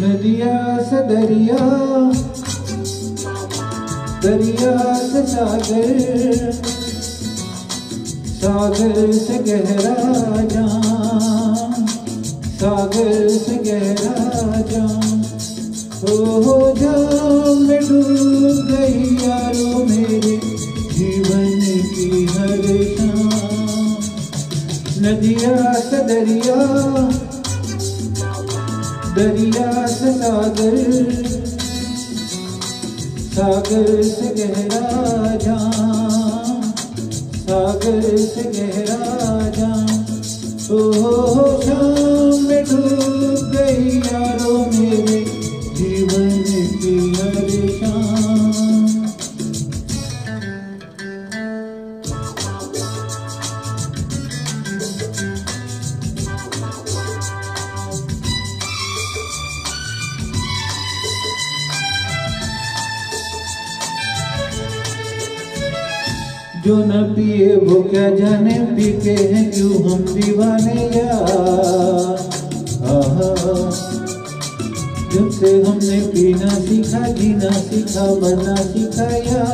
नदिया से दरिया दरिया से सागर सागर से गहरा जान सागर से गहरा ओ हो जा में डूब गई यारो मेरे जीवन की हर शाम नदिया से दरिया दरिया से सागर सागर से गहरा जा सागर से गहरा जा ओ हो जो न पिए वो क्या जाने पीते हैं क्यों हम दीवाने यार जब से हमने पीना सीखा जीना सीखा मरना सिखाया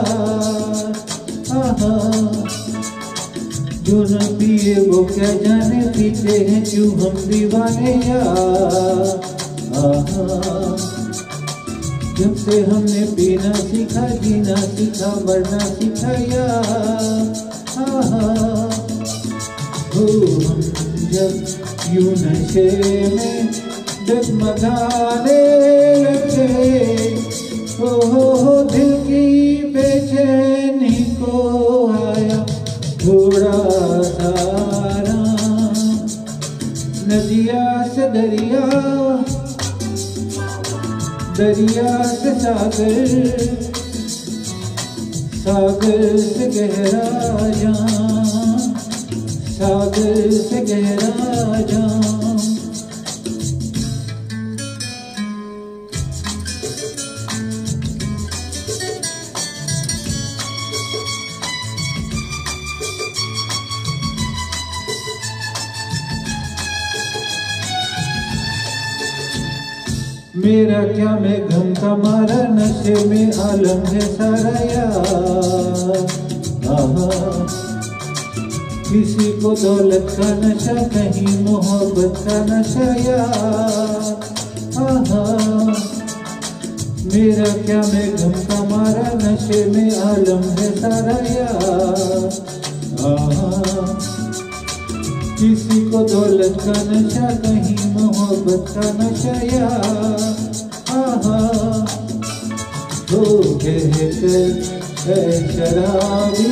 जो न पिए वो क्या जाने पीते हैं क्यों हम दीवाने यार जब से हमने पीना सीखा जीना सीखा मरना सिखाया या हो जब यूं नशे में डगमगाने लगे हो हो हो दिल की बेचैनी को आया थोड़ा सारा नदिया से दरिया दरिया से सागर सागर से गहरा जा सागर से गहरा मेरा क्या मैं गम का मारा नशे में आलम है सारा यार किसी को दौलत का नशा कहीं मोहब्बत का नशा यार मेरा क्या मैं गम का मारा नशे में आलम है सारा यार दौलत का नशा कहीं मोहब्बत का नशा या आहा तो शराबी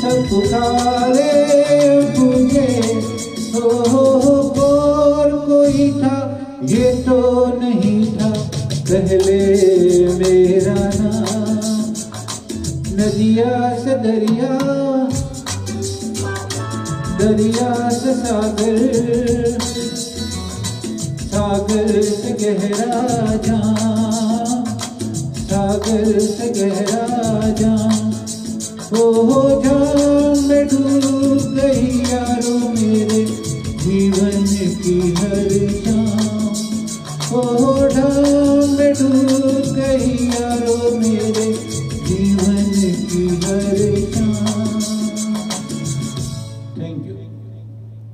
सब पुकारे हो और कोई था ये तो नहीं था पहले मेरा नाम नदिया से दरिया दरिया से सागर सागर से गहरा जा सागर से गहरा जा ओ हो जान डूब गई यारो मेरे जीवन की हर